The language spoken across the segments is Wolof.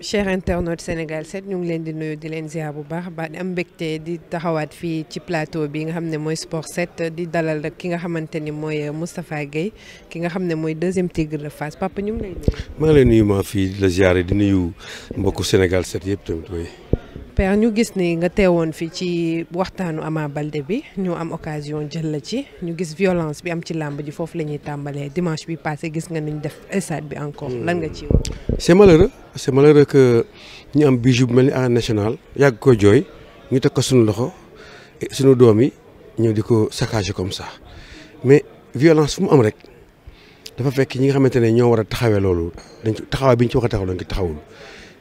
chers internautes Sénégal 7 ñu ngi leen di nuyu di leen ziar bu baax baa di am mbégte di taxawaat fii ci plateau bi nga xam ne mooy Sport 7 di dalal rek ki nga xamante ni mooy Moustapha Guèye ki nga xam ne mooy deuxième tigre de Fass papa ñu ngi lay nuyu. maa ngi lay nuyu maa fii di la ziare di nuyu mbokk Sénégal 7 yëpp tamit oui. père ñu gis ni nga teewoon fi ci waxtaanu Ama Baldé bi ñu am occasion jël la ci ñu gis violence bi am ci làmb ji foofu la ñuy tàmbalee dimanche bi passé gis nga nuñ def stade bi encore lan nga ci wax. Hmm. c'est malheureux c'est que ñu am bijou mel ni Arène Nationale yàgg ko jooy ñu teg ko suñu loxo eh, suñu doom yi ñëw di ko saccager comme ça mais violence fu mu am rek dafa fekk ñi nga xamante ne ñoo war a taxawee loolu dañ taxawaay bi ñu ci wax a taxaw dañ taxawul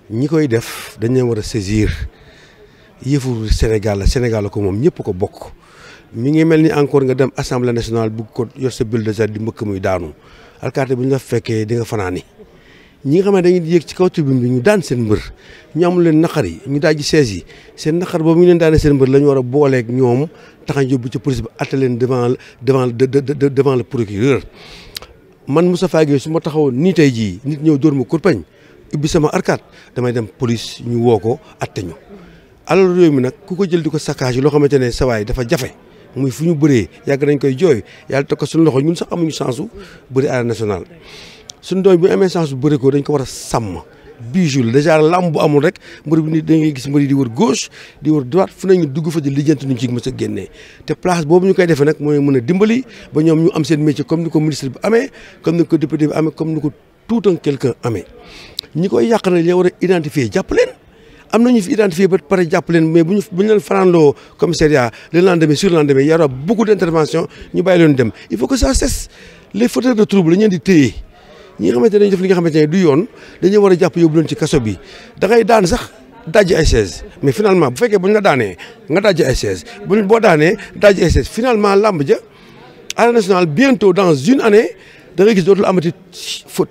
ñi koy def dañ leen war a saisir. yëfu Sénégal la Sénégal ko moom ñëpp ko bokk mi ngi mel ni encore nga dem assemblée nationale bugg ko yor sa bulldozer di mbëkk muy daanu alkaati bu ñu la fekkee di nga fanaani ñi nga xam ne dañuy yéeg ci kaw tribune bi ñu daan seen mbër ñu leen naqar yi ñu daaj sees yi seen naqar boobu ñu leen daane seen mbër la ñu war a booleeg ñoom tax a yóbbu ci police bi atte leen devant devant devant le procureur man Moustapha Guèye su ma taxawoon nii tey jii nit ñëw dóor ma kurpañ ubbi sama arcade damay dem police ñu woo ko atte alal réew mi nag ku ko jël di ko saccage loo xamante ne sawaay dafa jafe muy fu ñu bëree yàgg nañ koy jooy yàlla teg ko suñu loxo ñun sax amuñu chance su bëri arène nationale suñu doom bi amee chance bu bëri ko dañ ko war a sàmm bijou la dèjà lamb bu amul rek mbër bi ni da ngay gis mbër yi di wër gauche di wër droite fu nañu dugg fa di lijjanti nuñ ci mës a génnee te place boobu ñu koy defee nag mooy mën a dimbali ba ñoom ñu am seen métier comme ni ko ministre bi amee comme ni ko député bi amee comme ni ko tout un quelqu'un amee ñi koy yàq nag yaa war a am na ñu fi identifié ba pare jàpp leen mais bu ñu bu ñu leen farandoo commissariat le lendemain sur le lendemain y aura beaucoup d' intervention ñu bàyyi leen dem il faut que ça cesse les fauteurs de trouble la di téye ñi nga xamante ne dañuy def li nga xamante ne du yoon dañuy war a jàpp yóbbu leen ci kaso bi da daan sax dajji ay chaise mais finalement bu fekkee bu ñu la daanee nga dajji ay chaise bu boo daanee dajji ay chaise finalement làmb ja arène nationale bientôt dans une année. da ngay gis dootul amati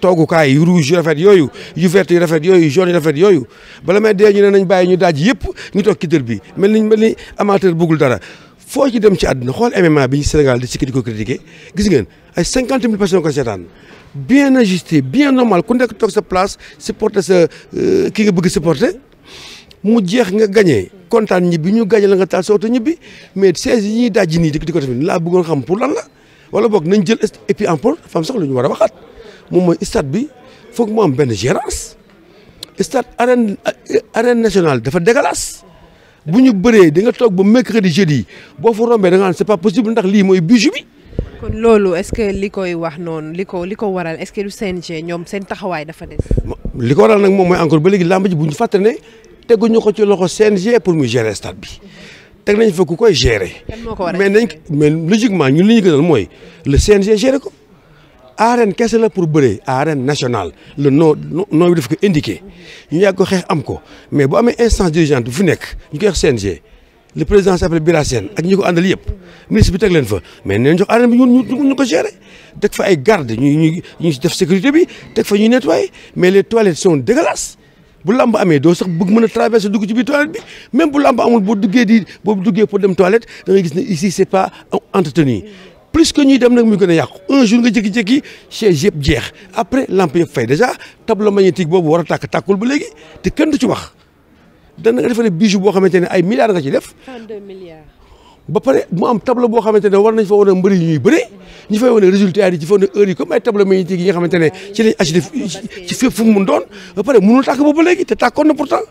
toogukaay yu rouge yu rafet yooyu yu vert yu rafet yooyu jaune yu rafet yooyu bala may dee ñu ne nañ bàyyi ñu daaj yëpp ñu toog ci dër bi mel ni mel ni amateur bëggul dara foo ci dem ci àdduna xool MMA bi Sénégal di sikki di ko critiqué gis ngeen ay cinquante mille personnes ko seetaan bien ajusté bien normal ku nekk toog sa place supporter sa euh, ki nga bëgg supporter mu jeex nga gagné kontaan ñibbi ñu gagné la nga taal sa oto ñibbi mais 16 yi ñuy daaj nii di ko def laa bëggoon xam pour lan la. wala boog nañ jël et puis fam sax lu ñu war a waxaat moom mooy stade bi foog moom am benn gérance stade arène national nationale dafa dégueulasse bu ñu bëree di nga toog ba mercredi jeudi boo fa rombee da nga naan c'est pas possible ndax lii mooy bijou kon loolu est-ce que li koy wax noonu li ko li ko waral est-ce que ñoom seen taxawaay dafa des. li ko waral nag moom mooy encore ba léegi làmb ji bu ñu fàtte ne teguñu ko ci loxo seen CNG pour mu gérer stade bi. teg nañ fa ku koy gérer. mais nañ mais logiquement ñun li ñu gënal mooy le CNG gérer ko. arène kese la pour bëre arène national le noo nom bi daf ko indiqué ñu yàgg ko xeex am ko mais boo amee instance dirigeante bu fi nekk ñu koy wax CNG le président s'appelle Bira Sène ak ñi ko àndal yëpp ministre bi teg leen fa mais nee jox arène bi ñun ñu ko gérer teg fa ay garde ñu ñu ñu def sécurité bi teg fa ñuy nettoyer mais les toilettes sont dégueulasses bu lamb amee doo sax bëgg mën a traverser dugg ci biir toilette bi même bu lamb amul boo duggee di boo duggee pour dem toilette da ngay gis ne ici c'est pas entretenu plus que ñuy dem nag muy gën a yàqu un jour nga jékki-jékki chaise yëpp jeex après lamp yëpp fay déjà tableau magnétique boobu war a tàkk tàkkul ba léegi te kenn du ci wax dana nga defal ne bijou boo xamante ne ay milliards nga ci def. 32 milliards. ba pare mu am tableau boo xamante ne war nañ fa war a mbëri ñi fay wane résultat yi ci fay wane heure yi comme ay tableau yi nga xamante ne ci lañ agité mun doon ba pare mënul tàkk boobu léegi te tàkkoon na pourtant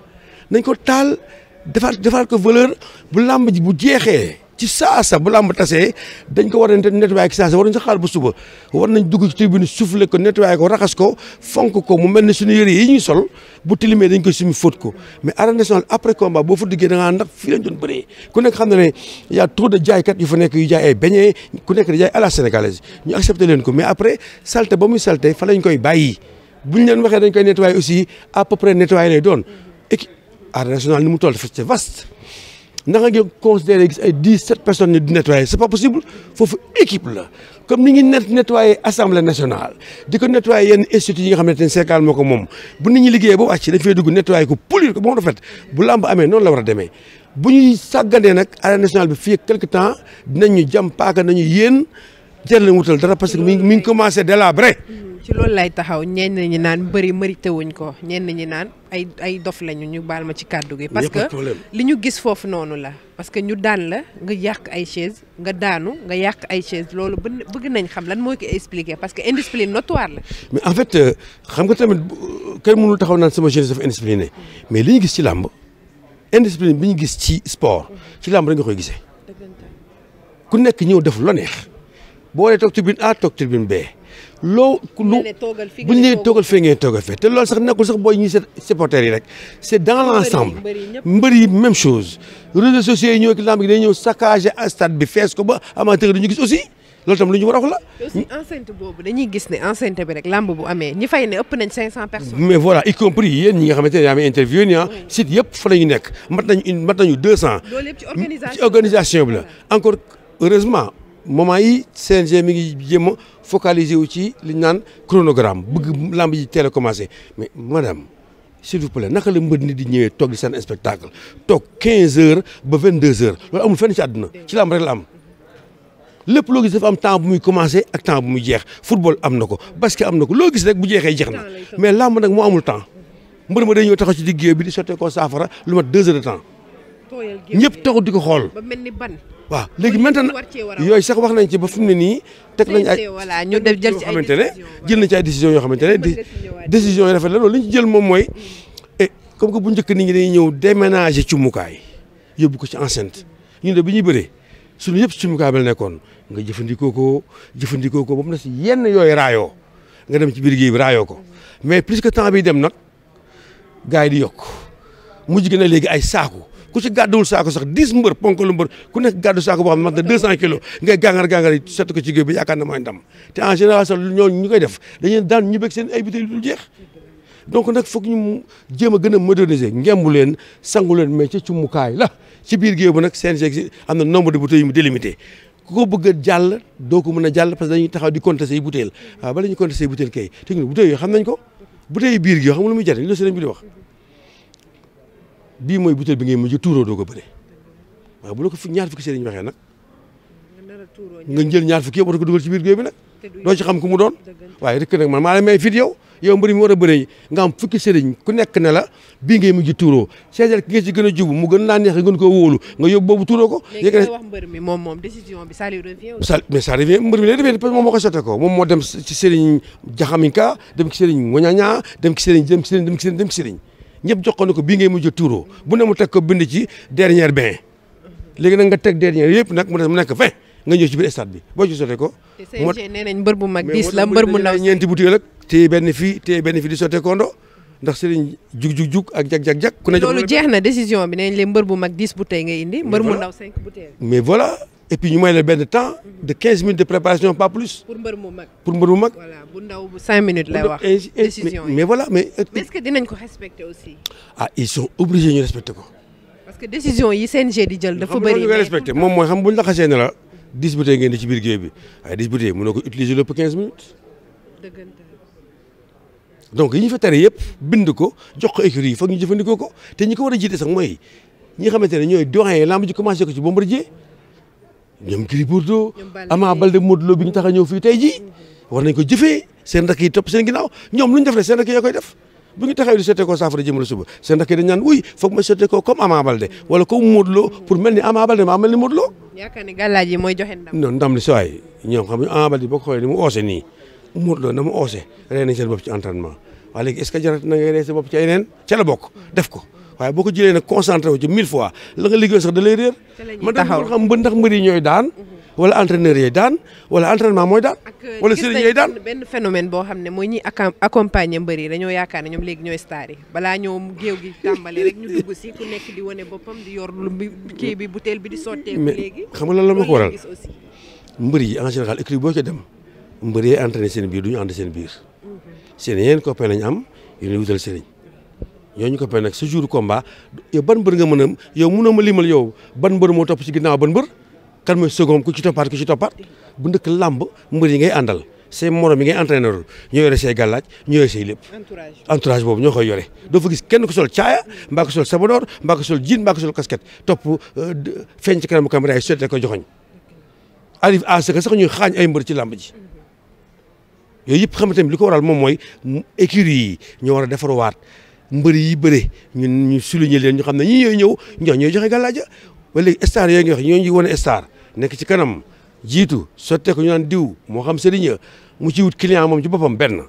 nañ ko taal defaat defaat ko valeur bu làmb ji bu jeexee ci saasa bu làmb tasee dañ ko war a nettoyer ci saasa war nañ sa xaar ba suba war nañ dugg ko raxas ko fonk ko mu mel ne suñu yëre yi ñuy sol bu tilimee dañ koy sumi fóot ko mais arène nationale après combat boo fa duggee da ngaa ndax fii lañ doon bëree ku nekk xam na ne y a trop de jaaykat yu fa nekk yu ko mais après salte ba doon et arène nationale ni mu toll dafa naka ngeen considéré gis ay dix sept personnes ni di nettoyer c'est pas possible foofu équipe la comme ni ngi net nettoyer assemblée nationale di ko yenn instituts yi nga xamante ne Sénégal moo ko moom bu nit ñi liggéeyee ba wàcc dañ fay dugg nettoyer ko polir ko ba mu rafet bu làmb amee noonu la war a demee bu ñuy sàgganee nag arène nationale bi fii quelque temps dinañ ñu paaka nañu yéen jël wutal dara parce que mi ngi mi ngi commencé délabré ci loolu lay taxaw ñenn ñi naan bëri mérité wuñ ko ñenn ñi naan ay ay dof lañu ñu baal ma ci kàddu gi. parce que li ñu gis foofu noonu la. parce que ñu daan la nga yàq ay chaise nga daanu nga yàq ay chaise loolu bëgg nañ xam lan mooy ko expliquer parce que indiscipline notoire la. mais en fait euh, xam nga tamit kenn mënul taxaw naan sama jeunesse dafa indiscipliné mais li ñu gis ci làmb indiscipline bi ñu gis ci sport ci làmb rek nga koy gisee. ku nekk ñëw def lo neex boo dee toog tribune A toog tribune B. loo lu bu ñu nee toogal fee ngay toogal fee te loolu sax nekkul sax booy ñuy supporters yi rek c' dans l' ensemble mbër yi même chose réseaux sociaux yi ñëw ki lamb gi day ñëw saccagé stade bi fees ko ba amateur duñu gis aussi loolu tam lu ñu war a wax la. aussi enceinte boobu dañuy gis ne enceinte bi rek lamb bu amee ñi fay ne nañ 500 personnes. mais voilà y compris yéen ñi nga xamante ne yaa ngi interview nii ah. site yëpp fa la ñu nekk mat nañu mat nañu 200. loolu yëpp organisation bi ci organisation bi la encore heureusement moment yi CNG mi ngi jéem focaliser wu ci li ñu naan chronogramme bëgg lamb ji teel a commencé mais madame s'il vous plaît naka la mbër nit di ñëwee toog di seen spectacle toog 15 heures ba 22 heures loolu amul fen ci àdduna ci lamb rek la am. lépp loo gis dafa am temps bu muy commencé ak temps bu jeex football am na ko basket am na ko loo gis rek bu jeexee jeex na mais làmb nag moo amul temps mbër ma day ñëw taxaw ci digg bi di sottee ko saafara lu mat deux heures de temps ñëpp taxaw di ko xool. waaw léegi maintenant yooyu sax wax nañ ci ba fu mu ne nii teg nañ ay ñu def jël ci ay xamante ne jël nañ ci ay décision yoo xamante ne décision yi rafet la loolu li ñu ci jël moom mooy mm. et eh, comme que bu njëkk nit ñi dañuy ñëw déménager cumukaay yóbbu ko ci enceinte mm. ñun de bi ñuy bëree suñu yëpp cumukaay bi la nekkoon nga jëfandikoo ko jëfandikoo ko ba mu des yenn yooyu raayoo nga dem ci biir géej bi raayoo ko mm. mais plus que temps bi dem nag gars yi di yokk mujj gi na léegi ay saaku ku ci gàdduwul saako sax dix mbër ponkalu mbër ku nekk gàddu saako boo xam ne mat na deux cent ngay gàngar gàngar set ko ci géej bi yaakaar na mooy te en général sax ñooñu ñu koy def dañuy daan ñu bëgg seen ay bitéel dul jeex donc nag foog ñu jéem a gën a moderniser ngembu sangu leen mais ci cumukaay la ci biir géew bu nag CNG am na nombre de bouteilles yu mu délimité ku ko bëgg a jàll doo ko mën a jàll parce di compter say butéel waaw bala ñuy compter say butéel kay te ñun butéel yoo xam nañ ko butéel biir gi yoo xam lu wax bii mooy butéel bi ngay mujj tuuroo doo ko bëre waaw ko fi ñaar fukki sëriñ waxee nag nga jël ñaar fukki yëpp war ko dugal ci biir bi nag doo ci xam ku mu doon waaye rek nag man maa la a bëree nga am fukki sëriñ ku nekk ne la bii ngay mujj tuuroo seetal ki nga ci gën a jubu mu gën laa neex gën koo wóolu nga yóbbu boobu tuuroo ko léegi wax mbër mi moom moom décision bi ça lui revient mais ça revient mbër mi lay revient parce que moom moo ko sotte ko moom moo dem ci sëriñ jaxaminka dem ci sëriñ ngoñaña dem ci sëriñ dem ci sëriñ dem ci sëriñ dem ci sëriñ ñëpp jox ko ko bii ngay mujj tuuroo bu ne mu teg ko bind ci dernier bain léegi nag nga teg dernier yëpp nag mu nekk fin nga ñëw ci biir bi boo ci sote ko. te CNG nee nañ mbër bu mag diis la mbër bu ndaw ñeenti butéel ak téye benn fii téye benn fii di sote kondo ndax sëriñ jug jug jug ak jag jag jag. ku ne loolu jeex na décision bi nañ leen mbër bu mag diis bu tey ngay indi. mbër mu ndaw cinq butéel mais voilà et puis ñu may la benn temps de 15 minutes de préparation pas plus. pour mbër mu mag pour mbër mu mag. mais voilà mais. Euh, mais est-ce que aussi. ah ils ñu respecter ko. parce que décision yi CNG di jël dafa bëri. mais moom mooy xam bu ñu la xasee ne la. 10 bouteilles ngeen di ci biir géej bi waaye 10 bouteilles mënoo ko utiliser minutes. donc yëpp bind ko jox ko écurie yi foog ñu jëfandikoo te ñi ko war a jiite sax mooy ñi nga xamante ne ñooy doyen lamb ji commencé ko ci Bombardier ñoom Gris Bordeaux Ama Baldé Modou Lô bi ñu tax a ñëw fii tey jii war nañ ko jëfee seen rakk topp seen ginnaaw ñoom lu ñu def rek seen rakk yi def bu ñu taxawee di sottee ko saafara jëmale suba seen rakk yi dañ naan uy ma sottee ko comme Ama Baldé wala comme Modou Lô pour mel ni Ama Baldé maa mel ni Modou Lô yaakaar ni gàllaaj yi mooy joxe ndam non ndam li sawaay ñoom xam ne Ama Baldé boo ko xoolee ni mu oose nii Modou Lô na mu oose rey nañ seen bopp ci waaye boo ko jëlee nag concentré wu ci mille fois la nga liggéey sax da lay réer man da xam mbë ndax mbëri daan wala entraîneur yooyu daan wala entraînement mooy daan euh, wala sëriñ yooyu daan benn phénomène boo xam ne mooy ñuy accompagner mbër yi dañoo yaakaar ne ñoom léegi ñooy star yi balaa ñoom géew gi tàmbali rek ñu dugg si ku nekk di wane boppam di yor lu kii bu butéel bi di sotteeku léegi xam nga lan la ma ko waral mbër yi en général écrit boo ci dem mbër yi entraîné seen biir du ñu ànd seen biir mm-hmm. seen yeen copain lañ am yu ñuy ñoo ñu ko pay nag ce jour combat yow ban mbër nga mën a yow mënoo ma limal yow ban mbër moo topp ci ginnaaw ban mbër kan mooy second ku ci toppaat ku ci toppaat bu ndëkk làmb mbër yi ngay àndal say morom yi ngay entraîneur ñoo yore say gàllaaj ñoo yore say lépp entourage boobu ñoo koy yore doo fa gis kenn ko sol caaya mbaa ko sol sabadoor mbaa ko sol jean mbaa ko sol casquette topp euh, feeñ ci kanamu caméra yi sotte ko joxoñ arrive à ce que sax ñuy xaañ ay mbër ci làmb ji yooyu yëpp xam tamit li ko waral moom mooy écurie yi ñoo war a mbër yi bëre ñun ñu souligner leen ñu xam ne ñii ñooy ñëw ñoo ñooy joxe gàllaaja ba léegi star yooyu nga wax ñoo ñu wane star nekk ci kanam jiitu sotteeku ñu naan diw moo xam sëriñ mu ci wut client moom ci boppam benn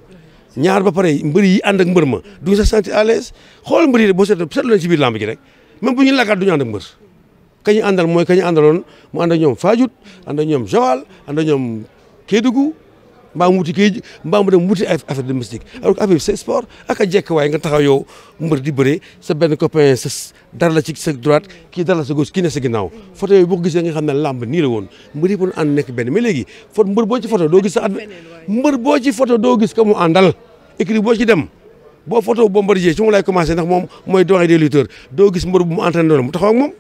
ñaar ba pare mbër yi ànd ak mbër ma duñu sa sentir à l'aise xool mbër yi boo seetloo seetloo leen ci biir lamb ji rek même bu ñu lakaat duñu ànd ak mbër kañu àndal mooy kañu àndaloon mu ànd ak ñoom Fadiouth ànd ak ñoom Joal ànd ak ñoom Kédougou mbaa mu wuti kii mbaa mu dem wuti affaire domestique alors que affaire bi c'est sport ak a jekk waaye nga taxaw yow mbër di bëree sa benn copain sa dara la ci sa droite kii dara la sa gauche kii ne sa ginnaaw photo yooyu boo ko gisee nga xam ne làmb nii woon mbër yi ànd nekk benn boo ci photo doo gis sa ad boo ci photo doo gis ko mu àndal écrit boo ci dem boo photo Bombardier ci moom laay commencé ndax moom mooy doyen des lutteurs doo gis mbër bu mu entraîné doon mu taxaw ak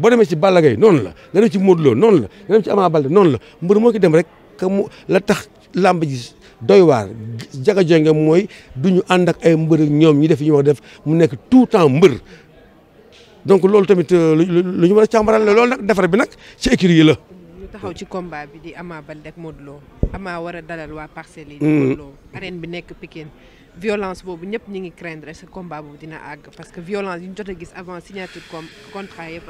boo demee ci Balla noonu la nga dem ci noonu la nga dem ci Ama Baldé noonu la mbër moo ki dem rek ka mu la tax làmb ji doy waar jaga jonge mooy du ñu ànd ak ay mbër ñoom ñi def yi ñu def mu nekk tout temps mbër donc loolu tamit euh, lu ñu war a càmbaral la loolu nag defar bi nag ci écurie yi la. taxaw ci combat bi di amaa Baldé ak Modou Lo Ama war a dalal waa Parcelles yi. Hmm. Modou Lo arène bi nekk Pikine. violence boobu ñëpp ñu ngi craindre est que combat boobu dina àgg a gis avant signature comme contrat yëpp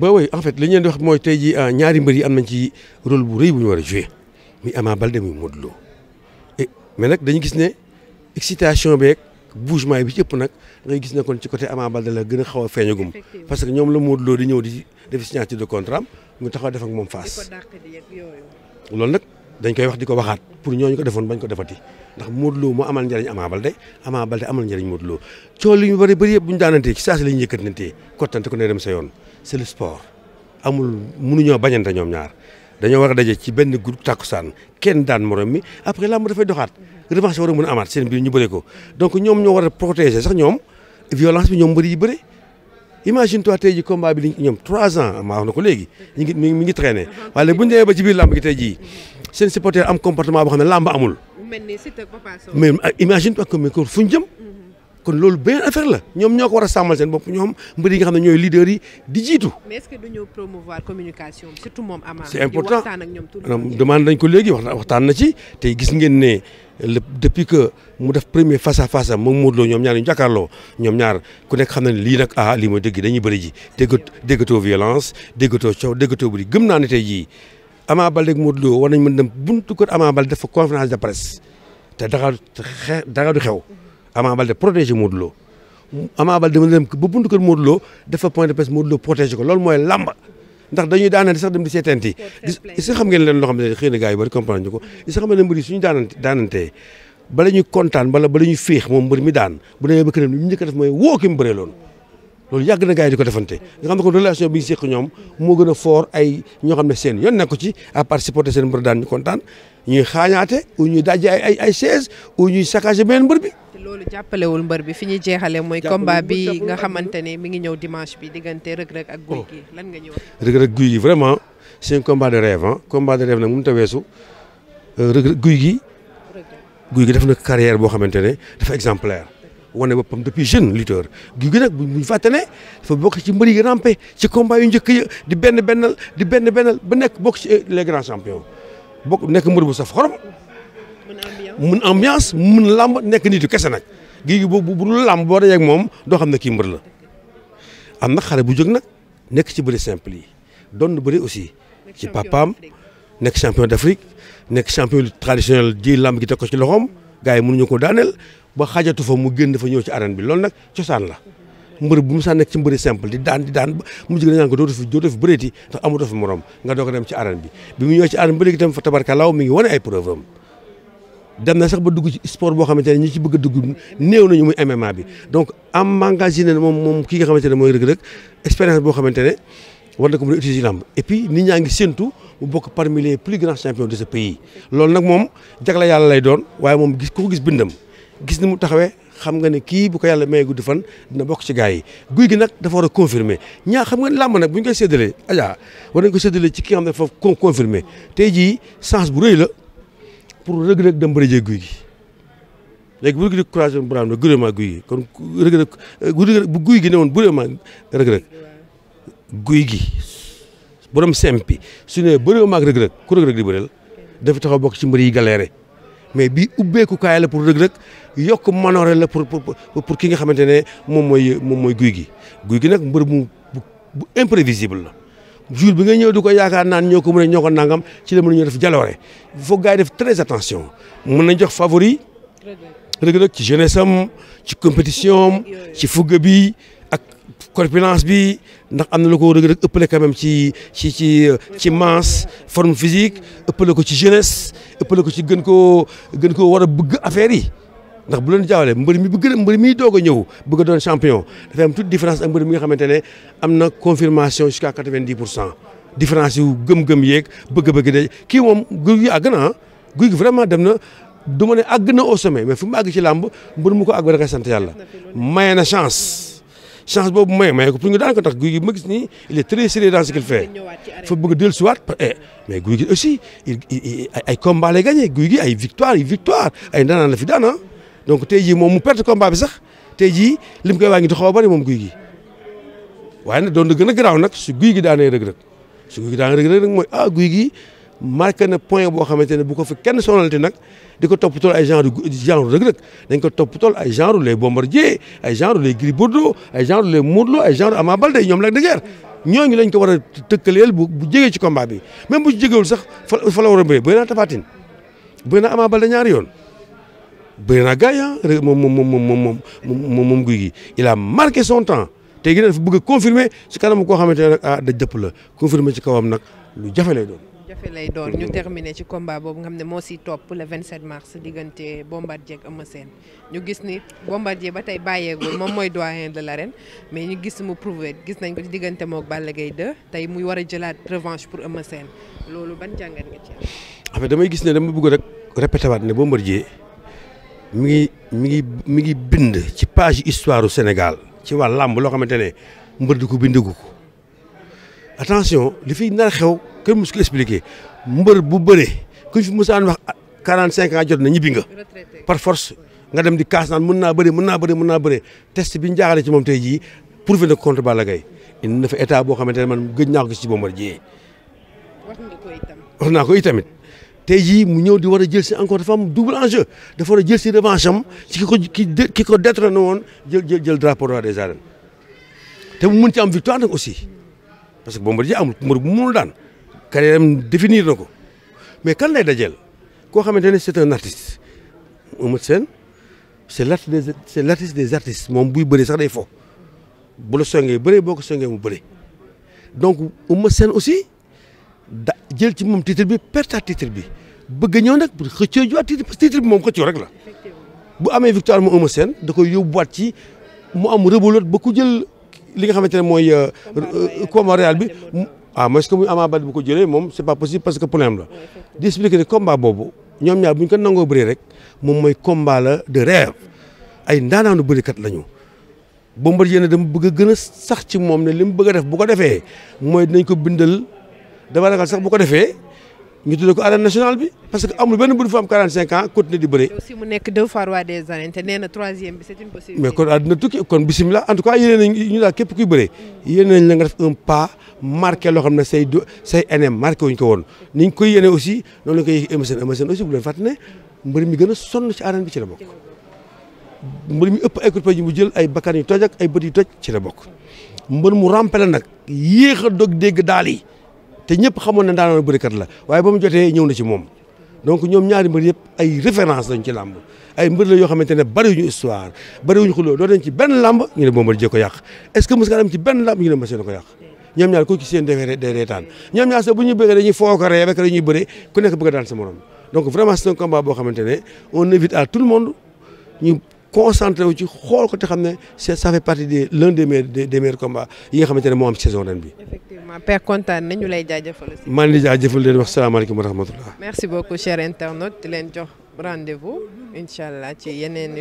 ba oui en fait li ñu leen di wax mooy tey jii ah, ñaari mbër yi am nañ ci rôle bu rëy bu ñu war a joué muy Ama Baldé muy Modou mais nag dañu gis ne excitation beeg bougement bi cëpp nag ngay gis ne kon ci côté Ama Baldé la gën a xaw a feeñagum. parce que ñoom la Modou Lo di ñëw di def signature de contrat am nga taxaw def ak moom face. loolu nag. dañ koy wax di ko waxaat pour ñooñu ko defoon bañ ko defati ndax Modou Lo moo amal njëriñ Ama Baldé Ama Baldé amal njëriñ Modou Lo coow li ñu bëri bëri yëpp bu ñu daanantee ci saa si la ko ne dem sa yoon c'est le sport amul mënuñoo bañante ñoom ñaar dañoo war a daje ci benn groupe takkusaan kenn daan morom mi après làmb dafay doxaat revanche war a mën seen biir ñu bëri ko donc ñoom ñoo war a protéger sax ñoom violence bi ñoom yi bëri imagine toi tey jii combat bi ñoom trois ans maa na ko léegi ñu ngi mi ngi traîner waaye bu ñu demee ba ci biir làmb gi tey jii seen supporter am comportement boo xam ne làmb amul. mel ni Siteu Papa Sow imagine toi que fu ñu jëm. kon loolu benn affaire la ñoom ñoo ko war a sàmmal seen bopp ñoom mbër yi nga xam ne ñooy leaders yi di jiitu. mais communication moom Ama. c'est important demande nañ ko léegi wax waxtaan na ci tey gis ngeen ne depuis que mu def premier face à moom Modou Lo ñoom ñaar ñu jàkkaarloo ñoom ñaar ku nekk xam na ne lii nag ah lii mooy dëgg dañuy bëri ji. déggat déggatoo violence déggatoo coow déggatoo bëri gëm naa ne tey jii Ama Baldé ak Modou Lo war nañ mën dem buntu kër Ama Baldé def fa conférence de presse te dara du xew Ama Baldé protéger Modou Lo Ama Baldé dama dem ba buntu kër Modou Lo def fa point de presse Modou Lo ko loolu mooy làmb ndax dañuy daanante sax dem di seetaanti gis nga xam ngeen leen loo xam ne xëy na gars yi bari comprendre ñu ko gis nga xam ne mbëri suñu daanante daanantee bala ñuy kontaan bala bala ñuy féex moom mbër mi daan bu demee ba kanam li ñu njëkk a def woo ki mu bëree loolu yàgg na gars yi di ko defante nga xam ne kon relation bi ñu seq ñoom moo gën a fort ay ñoo xam ne seen yoon ko ci à part supporter seen mbër daan ñu kontaan ñuy xaañaate ou ñuy dajje ay ay ay chaise ou ñuy saccagé beneen mbër bi. loolu bi fi ñuy jeexalee mooy combat bi nga xamante ne mi ngi ñëw dimanche bi diggante Reug Reug ak Gouye oh. lan nga ñëw. Reug Reug Gouye Gui vraiment c'est un combat de rêve ah combat de rêve nag mënut a weesu euh, Reug Reug Gouye def na carrière boo xamante ne dafa exemplaire. wane boppam depuis jeune lutteur guy gi nag bu ñu fàtte ne dafa bokk ci mbër yi rampé ci combat yu njëkk yi di benn bennal di benn bennal ba nekk bokk ci eh, les grands champions bokk nekk mbër bu saf xorom. mun ambiance mun làmb nekk nit yu kese nag guy gi boobu bu dul làmb boo dajee ak moom doo xam ne kii mbër la. am na xale bu jóg nag nekk ci bëri simple yi doon na bëri aussi ci papam nekk champion d'Afrique nekk champion traditionnel ji làmb gi teg ko ci loxoom gars yi mënuñu ko daaneel. ba xajatu fa mu génn fa ñëw ci arène bi lool nag cosaan la mbër bu mu saa nekk ci mbëri simple di daan di daan mu jig dañaan ko dootu fi fi bëreeti nga doog a dem ci arène bi bi mu ñëw ci arène ba léegi tam fa ngi wane ay na sax ba dugg ci sport boo xamante ne ñi ci bëgg a dugg néew nañu muy MMA bi donc am engagé moom moom kii nga xamante ne mooy rëg-rëg expérience boo xamante ne war ko mën nit ñaa ngi séntu mu bokk parmi les plus grands champions de ce pays loolu nag moom jagle yàlla lay doon waaye moom gis ku ko gis bindam gis ni mu taxawee xam nga ne kii bu ko yàlla mayee guddi fan dina bokk ci gars yi guy gi nag dafa war a ñaa xam nga ne làmb nag bu ñu koy séddalee ajaa war nañ ko séddalee ci ki nga xam ne dafa confirmer tey jii chance bu rëy la pour Reug Reug dem bëri guy gi léegi bu Reug Reug croisé na gurément guy gi kon Reug Reug bu guy gi ne woon burément Reug Reug guy gi borom sempi su ne bëréo maag ku Reug Reug di bëreel dafa taxaw bokk ci mbër yi galéré mais bii ubbeeku kaay la pour Reug Reug yokk manoore la pour pour ki nga xamante ne moom mooy moom mooy guy gi guy gi nag mbër mu bu imprévisible la jour bi nga ñëw du ko yaakaar naan ñoo ko mën a ñoo ko nangam ci la mën ñoo def jaloore il faut gars yi def très attention mën nañ jox favori Reug Reug ci jeunesse am ci compétition am ci fugga bi corpulence bi ndax am na lu ko Reug Reug ëppale quand même ci ci ci ci masse forme physique ëppale ko ci jeunesse ëppale ko ci gën koo gën koo war a bëgg affaire yi ndax bu leen jaawale mbër mi bëgg mbër miy doog a ñëw bëgg a doon champion dafay am toute différence ak mbër mi nga xamante ne am na confirmation jusqu'à quatre-vingt-dix pour yu gëm-gëm yeeg bëgg-bëgg de kii moom guy gi àgg na ah. guy gi vraiment dem na du ma ne àgg na au sommet mais fu mu àgg ci làmb mbër mu ko àgg ba sant yàlla chance chance boobu may may ko pour ñu daan ko tax guy gi ma gis nii il est très sérieux dans ce qu'il fait fa bëgg eh, mais guy aussi ay combat lay guy gi ay victoire ay victoire ay ndaanaan la fi daan ah. donc tey jii moom mu perte komba bi sax tey jii lim koy waa ngi xaw a bëri moom guy gi waaye nag doon na gën a garaaw nag su guy gi daanee rëg-rëg su guy gi daanee rëg mooy ah guy gi marqué na point boo xamante ne bu ko fi kenn sonal te nag di ko toppatool ay genre genre rëg-rëg dañ ko toppatool ay genre les bombardier ay genre les Gris Bordeaux ay genre les Modou Lô ay genre Ama Baldé ñoom Lac de Guiers ñooñu lañ ko war a tëkkaleel bu bu jege ci combat bi même bu jegewul sax fa la war a bëree bëri naa Tapha Tine naa Ama Baldé ñaari yoon bëri naa gars yi moom moom moom moom moom moom guy gi il a marqué son temps te gi dafa bëgg a confirmer ci kanam koo xamante ne nag ah daj dëpp la confirmer ci kawam nag lu jafe lay doon jafe lay doon ñu terminer ci combat boobu nga xam ne moo si topp le 27 mars diggante Bombardier ak Eumeu Sène ñu gis ni Bombardier ba tey bàyyeegul moom mooy doyen de l'arène mais ñu gis mu prouvé gis nañ ko ci diggante moog Balla Gaye 2 tey muy war a jëlaat revanche pour Eumeu Sène loolu ban jàngat nga ci am. damay gis ne dama bëgg rek répété waat ne Bombardier mu ngi mi ngi mi ngi bind ci page histoire Sénégal ci wàllu làmb loo xamante ne mbër di ko. attention li fi nar xew kenn mus ko expliqué mbër bu bëree kuñ fi musaan wax 45 ans jot na ñibbi nga. par force nga dem di kaas naan mën naa bëri mën naa bëri mën naa bëri test bi ñu jaaxale ci moom tey jii prouvé na contre Balla Gaye indi na fa état boo xamante ne man gëj naa ko gis ci Bombardier wax nga ko wax naa ko itamit tey jii mu ñëw di war a jël si encore dafa am double enjeu dafa war a jël si revanche am ci ki ko ki ko détrôné woon jël jël jël drapeau a des arènes te mu mën ci am victoire aussi. parce que Bombardier amul mbër bu mënul daan carrière am définir na ko mais kan lay dajeel koo xamante ne c'est un artiste Eumeu Sène c'est l'artiste des c'est l'artiste des artistes moom buy bëri sax day fo bu la songee bëree boo ko songee mu bëri donc Eumeu Sène aussi da jël ci moom titre bi perte titre bi bëgg a ñëw nag pour xëccoo jiwaat bi moom xëccoo rek la. bu amee victoire mu Eumeu Sène da koy yóbbuwaat ci mu am rëbëloot ba ku jël. li nga xamante ne mooy euh, euh, combat royal bi ah mooy est-ce que muy Ama Baldé bu ko jëlee moom c'est pas possible parce que problème la di expliquer ne boobu ñoom ñaar bu ko nangoo bëri rek moom mooy combat la de rêve ay ndaanaanu bërikat lañu Bombardier ne dama bëgg a gën a sax ci moom ne li mu bëgg a def bu ko defee mooy dinañ ko bindal dama ragal sax bu ko defee ñu tuddee ko arène nationale bi parce que amul benn mbër fu am 45 ans continuer di bëre. aussi mu nekk deux fois roi des na troisième bi c'est une kon àddina tukki kon bisimilah en ñu daal képp kuy bëre yéen nañ la nga def un pas ne say say NM marqué wuñ ko woon. ni ñu koy yéene aussi noonu la ñu koy yéexee émission émission aussi bu leen mi gën a sonn ci arène bi ci la bokk. mbër mi ëpp ay coupé mu jël ay bakkan yu toj ak ay bët yu toj la bokk mbër mu rampé nag yéex a dog dégg daal yi te ñëpp xamoon na daanoon bërikat la waaye ba jotee ñëw na ci moom donc ñoom ñaari mbër yëpp ay référence lañ ci làmb ay mbër yoo xamante ne bariwuñu histoire bariwuñu xuloo doo nañ ci benn làmb ñu ne Bombardier ko yàq est-ce que mos nga ci benn làmb ñu ne monsieur ko yàq ñoom ñaar ko ci seen defee day reetaan ñoom ñaar sax ñu bëggee dañuy fookaree rek dañuy ku nekk bëgg daan sa morom donc vraiment c'est un combat concentré wu ci xool ko te xam ne c'est a fait partie des l'un des meilleurs des meilleurs combats yi nga xamante ne moo am saison ren bi. effectivement père kontaan nañu lay jaajëfal aussi. maa ngi lay jaajëfal leen wax salaamaaleykum wa rahmatullah. merci beaucoup chers internautes di leen jox rendez-vous incha allah ci yeneen